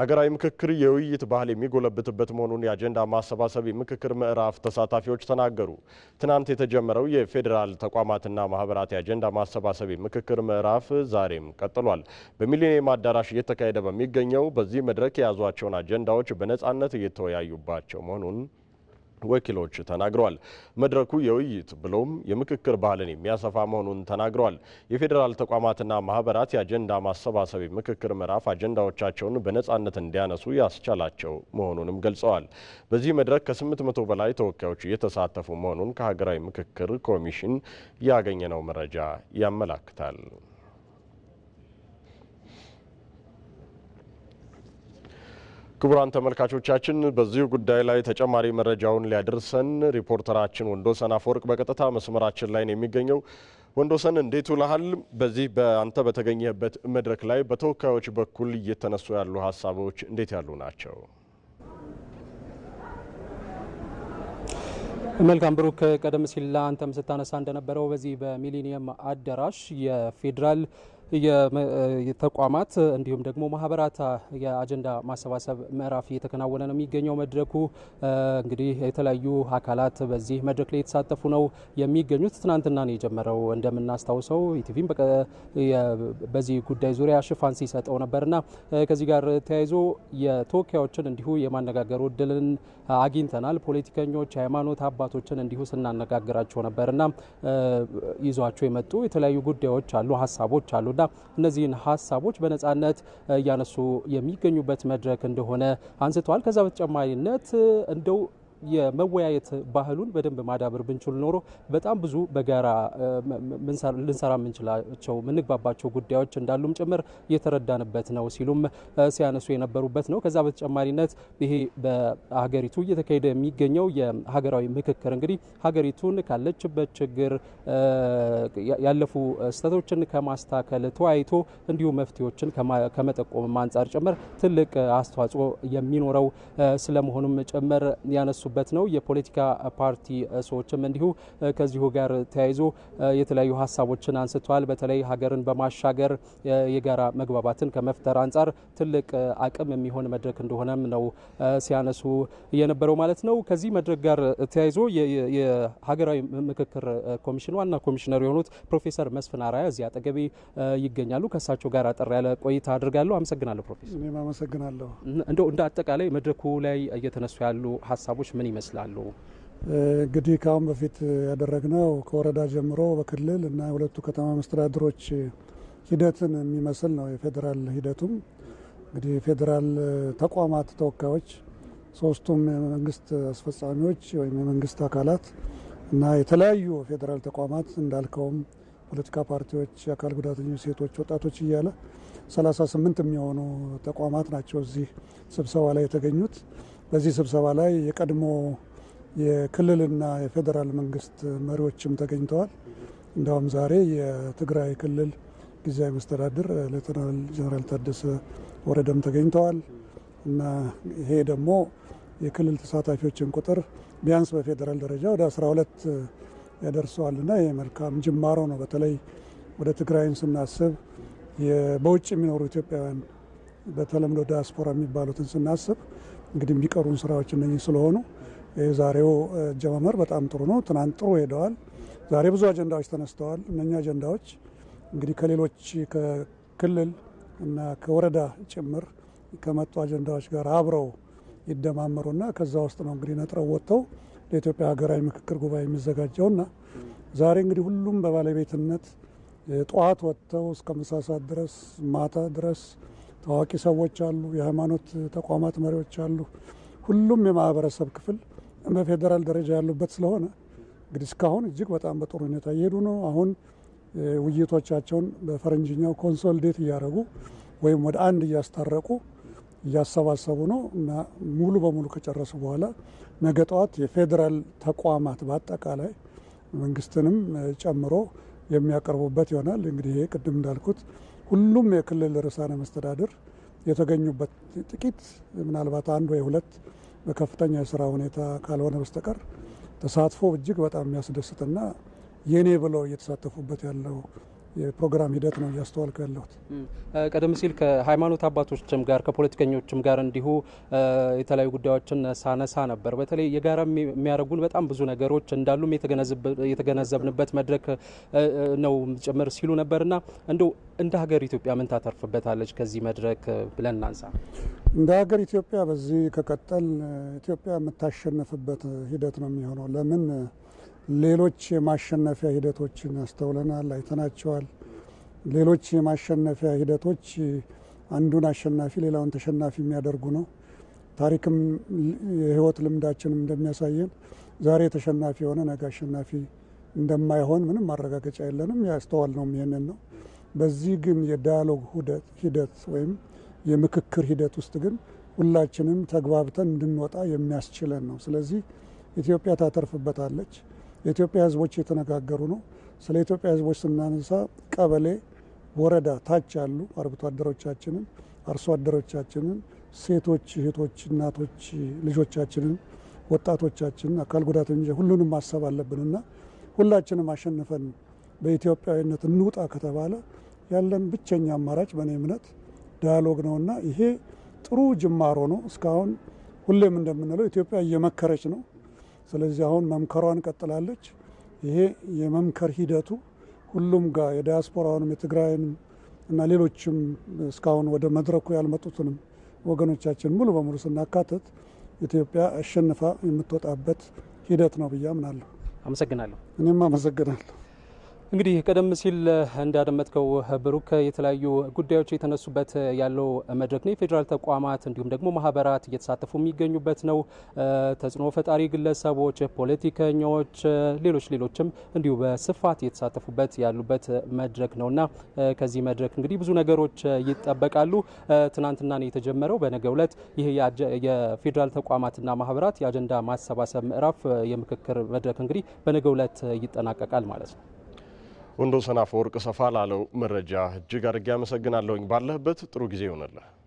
ሀገራዊ ምክክር የውይይት ባህል የሚጎለብትበት መሆኑን የአጀንዳ ማሰባሰብ ምክክር ምዕራፍ ተሳታፊዎች ተናገሩ። ትናንት የተጀመረው የፌዴራል ተቋማትና ማህበራት የአጀንዳ ማሰባሰብ ምክክር ምዕራፍ ዛሬም ቀጥሏል። በሚሊኒየም አዳራሽ እየተካሄደ በሚገኘው በዚህ መድረክ የያዟቸውን አጀንዳዎች በነጻነት እየተወያዩባቸው መሆኑን ወኪሎች ተናግረዋል። መድረኩ የውይይት ብሎም የምክክር ባህልን የሚያሰፋ መሆኑን ተናግረዋል። የፌዴራል ተቋማትና ማህበራት የአጀንዳ ማሰባሰብ ምክክር ምዕራፍ አጀንዳዎቻቸውን በነጻነት እንዲያነሱ ያስቻላቸው መሆኑንም ገልጸዋል። በዚህ መድረክ ከ800 በላይ ተወካዮች እየተሳተፉ መሆኑን ከሀገራዊ ምክክር ኮሚሽን ያገኘነው መረጃ ያመላክታል። ክቡራን ተመልካቾቻችን በዚሁ ጉዳይ ላይ ተጨማሪ መረጃውን ሊያደርሰን ሪፖርተራችን ወንዶሰን አፈወርቅ በቀጥታ መስመራችን ላይ ነው የሚገኘው። ወንዶሰን እንዴት ውለሃል? በዚህ በአንተ በተገኘበት መድረክ ላይ በተወካዮች በኩል እየተነሱ ያሉ ሀሳቦች እንዴት ያሉ ናቸው? መልካም ብሩክ፣ ቀደም ሲል አንተም ስታነሳ እንደነበረው በዚህ በሚሊኒየም አዳራሽ የፌዴራል የተቋማት እንዲሁም ደግሞ ማህበራት የአጀንዳ ማሰባሰብ ምዕራፍ እየተከናወነ ነው የሚገኘው። መድረኩ እንግዲህ የተለያዩ አካላት በዚህ መድረክ ላይ የተሳተፉ ነው የሚገኙት። ትናንትና ነው የጀመረው። እንደምናስታውሰው ኢቲቪም በዚህ ጉዳይ ዙሪያ ሽፋን ሲሰጠው ነበርና ከዚህ ጋር ተያይዞ የተወካዮችን እንዲሁ የማነጋገሩ እድልን አግኝተናል። ፖለቲከኞች፣ የሃይማኖት አባቶችን እንዲሁ ስናነጋግራቸው ነበርና ይዟቸው የመጡ የተለያዩ ጉዳዮች አሉ፣ ሀሳቦች አሉና በጠቅላላ እነዚህን ሀሳቦች በነጻነት እያነሱ የሚገኙበት መድረክ እንደሆነ አንስተዋል። ከዛ በተጨማሪነት እንደው የመወያየት ባህሉን በደንብ ማዳበር ብንችል ኖሮ በጣም ብዙ በጋራ ልንሰራ የምንችላቸው የምንግባባቸው ጉዳዮች እንዳሉም ጭምር እየተረዳንበት ነው ሲሉም ሲያነሱ የነበሩበት ነው። ከዛ በተጨማሪነት ይሄ በሀገሪቱ እየተካሄደ የሚገኘው የሀገራዊ ምክክር እንግዲህ ሀገሪቱን ካለችበት ችግር ያለፉ ስህተቶችን ከማስታከል ተወያይቶ እንዲሁ መፍትሄዎችን ከመጠቆም አንጻር ጭምር ትልቅ አስተዋጽኦ የሚኖረው ስለመሆኑም ጭምር ያነሱ የሚያደርጉበት ነው። የፖለቲካ ፓርቲ ሰዎችም እንዲሁ ከዚሁ ጋር ተያይዞ የተለያዩ ሀሳቦችን አንስተዋል። በተለይ ሀገርን በማሻገር የጋራ መግባባትን ከመፍጠር አንጻር ትልቅ አቅም የሚሆን መድረክ እንደሆነም ነው ሲያነሱ የነበረው ማለት ነው። ከዚህ መድረክ ጋር ተያይዞ የሀገራዊ ምክክር ኮሚሽን ዋና ኮሚሽነር የሆኑት ፕሮፌሰር መስፍን አራያ እዚህ አጠገቤ ይገኛሉ። ከእሳቸው ጋር አጠር ያለ ቆይታ አድርጋለሁ። አመሰግናለሁ ፕሮፌሰር። እኔም አመሰግናለሁ። እንደ አጠቃላይ መድረኩ ላይ እየተነሱ ያሉ ሀሳቦች ምን ይመስላሉ? እንግዲህ ከአሁን በፊት ያደረግነው ከወረዳ ጀምሮ በክልል እና የሁለቱ ከተማ መስተዳድሮች ሂደትን የሚመስል ነው። የፌዴራል ሂደቱም እንግዲህ የፌዴራል ተቋማት ተወካዮች፣ ሶስቱም የመንግስት አስፈጻሚዎች ወይም የመንግስት አካላት እና የተለያዩ ፌዴራል ተቋማት እንዳልከውም ፖለቲካ ፓርቲዎች፣ የአካል ጉዳተኞች፣ ሴቶች፣ ወጣቶች እያለ 38 የሚሆኑ ተቋማት ናቸው እዚህ ስብሰባ ላይ የተገኙት። በዚህ ስብሰባ ላይ የቀድሞ የክልልና የፌዴራል መንግስት መሪዎችም ተገኝተዋል። እንዲሁም ዛሬ የትግራይ ክልል ጊዜያዊ መስተዳድር ሌተናል ጀነራል ታደሰ ወረደም ተገኝተዋል እና ይሄ ደግሞ የክልል ተሳታፊዎችን ቁጥር ቢያንስ በፌዴራል ደረጃ ወደ 12 ያደርሰዋልና ይሄ መልካም ጅማሮ ነው። በተለይ ወደ ትግራይን ስናስብ በውጭ የሚኖሩ ኢትዮጵያውያን በተለምዶ ዲያስፖራ የሚባሉትን ስናስብ እንግዲህ የሚቀሩን ስራዎች እነኚህ ስለሆኑ የዛሬው ጀመመር በጣም ጥሩ ነው። ትናንት ጥሩ ሄደዋል። ዛሬ ብዙ አጀንዳዎች ተነስተዋል። እነኛ አጀንዳዎች እንግዲህ ከሌሎች ከክልል እና ከወረዳ ጭምር ከመጡ አጀንዳዎች ጋር አብረው ይደማመሩና ከዛ ውስጥ ነው እንግዲህ ነጥረው ወጥተው ለኢትዮጵያ ሀገራዊ ምክክር ጉባኤ የሚዘጋጀውና ዛሬ እንግዲህ ሁሉም በባለቤትነት ጠዋት ወጥተው እስከ ምሳ ሰዓት ድረስ ማታ ድረስ ታዋቂ ሰዎች አሉ፣ የሃይማኖት ተቋማት መሪዎች አሉ። ሁሉም የማህበረሰብ ክፍል በፌዴራል ደረጃ ያሉበት ስለሆነ እንግዲህ እስካሁን እጅግ በጣም በጥሩ ሁኔታ እየሄዱ ነው። አሁን ውይይቶቻቸውን በፈረንጅኛው ኮንሶልዴት እያደረጉ ወይም ወደ አንድ እያስታረቁ እያሰባሰቡ ነው እና ሙሉ በሙሉ ከጨረሱ በኋላ ነገ ጠዋት የፌዴራል ተቋማት በአጠቃላይ መንግስትንም ጨምሮ የሚያቀርቡበት ይሆናል። እንግዲህ ይሄ ቅድም እንዳልኩት ሁሉም የክልል ርዕሳነ መስተዳድር የተገኙበት ጥቂት ምናልባት አንድ ወይ ሁለት በከፍተኛ የስራ ሁኔታ ካልሆነ በስተቀር ተሳትፎ እጅግ በጣም የሚያስደስትና የኔ ብለው እየተሳተፉበት ያለው የፕሮግራም ሂደት ነው እያስተዋልኩ ያለሁት። ቀደም ሲል ከሃይማኖት አባቶችም ጋር ከፖለቲከኞችም ጋር እንዲሁ የተለያዩ ጉዳዮችን ሳነሳ ነበር። በተለይ የጋራ የሚያደርጉን በጣም ብዙ ነገሮች እንዳሉም የተገነዘብንበት መድረክ ነው ጭምር ሲሉ ነበርና እንዲ እንደ ሀገር ኢትዮጵያ ምን ታተርፍበታለች ከዚህ መድረክ ብለን እናንሳ። እንደ ሀገር ኢትዮጵያ በዚህ ከቀጠል ኢትዮጵያ የምታሸንፍበት ሂደት ነው የሚሆነው ለምን ሌሎች የማሸነፊያ ሂደቶችን አስተውለናል፣ አይተናቸዋል። ሌሎች የማሸነፊያ ሂደቶች አንዱን አሸናፊ ሌላውን ተሸናፊ የሚያደርጉ ነው። ታሪክም የህይወት ልምዳችንም እንደሚያሳየን ዛሬ ተሸናፊ የሆነ ነገ አሸናፊ እንደማይሆን ምንም ማረጋገጫ የለንም። ነው ይህንን ነው። በዚህ ግን የዳያሎግ ሂደት ወይም የምክክር ሂደት ውስጥ ግን ሁላችንም ተግባብተን እንድንወጣ የሚያስችለን ነው። ስለዚህ ኢትዮጵያ ታተርፍበታለች። የኢትዮጵያ ህዝቦች እየተነጋገሩ ነው። ስለ ኢትዮጵያ ህዝቦች ስናነሳ ቀበሌ፣ ወረዳ ታች ያሉ አርብቶ አደሮቻችንን፣ አርሶ አደሮቻችንን፣ ሴቶች፣ እህቶች፣ እናቶች፣ ልጆቻችንን፣ ወጣቶቻችንን፣ አካል ጉዳተኞች ሁሉንም ማሰብ አለብንና ሁላችንም አሸንፈን በኢትዮጵያዊነት እንውጣ ከተባለ ያለን ብቸኛ አማራጭ በእኔ እምነት ዳያሎግ ነውና ይሄ ጥሩ ጅማሮ ነው። እስካሁን ሁሌም እንደምንለው ኢትዮጵያ እየመከረች ነው። ስለዚህ አሁን መምከሯን ቀጥላለች። ይሄ የመምከር ሂደቱ ሁሉም ጋር የዲያስፖራውንም የትግራይንም እና ሌሎችም እስካሁን ወደ መድረኩ ያልመጡትንም ወገኖቻችን ሙሉ በሙሉ ስናካትት ኢትዮጵያ አሸንፋ የምትወጣበት ሂደት ነው ብዬ አምናለሁ። አመሰግናለሁ። እኔም አመሰግናለሁ። እንግዲህ ቀደም ሲል እንዳደመጥከው ብሩክ የተለያዩ ጉዳዮች የተነሱበት ያለው መድረክ ነው። የፌዴራል ተቋማት እንዲሁም ደግሞ ማህበራት እየተሳተፉ የሚገኙበት ነው። ተጽዕኖ ፈጣሪ ግለሰቦች፣ ፖለቲከኞች፣ ሌሎች ሌሎችም እንዲሁ በስፋት እየተሳተፉበት ያሉበት መድረክ ነው እና ከዚህ መድረክ እንግዲህ ብዙ ነገሮች ይጠበቃሉ። ትናንትና ነው የተጀመረው። በነገ ዕለት ይህ የፌዴራል ተቋማትና ማህበራት የአጀንዳ ማሰባሰብ ምዕራፍ የምክክር መድረክ እንግዲህ በነገ ዕለት ይጠናቀቃል ማለት ነው። ወንዶ ሰናፈወርቅ ሰፋ ላለው መረጃ እጅግ አድርጌ አመሰግናለሁኝ። ባለህበት ጥሩ ጊዜ ይሆንልህ።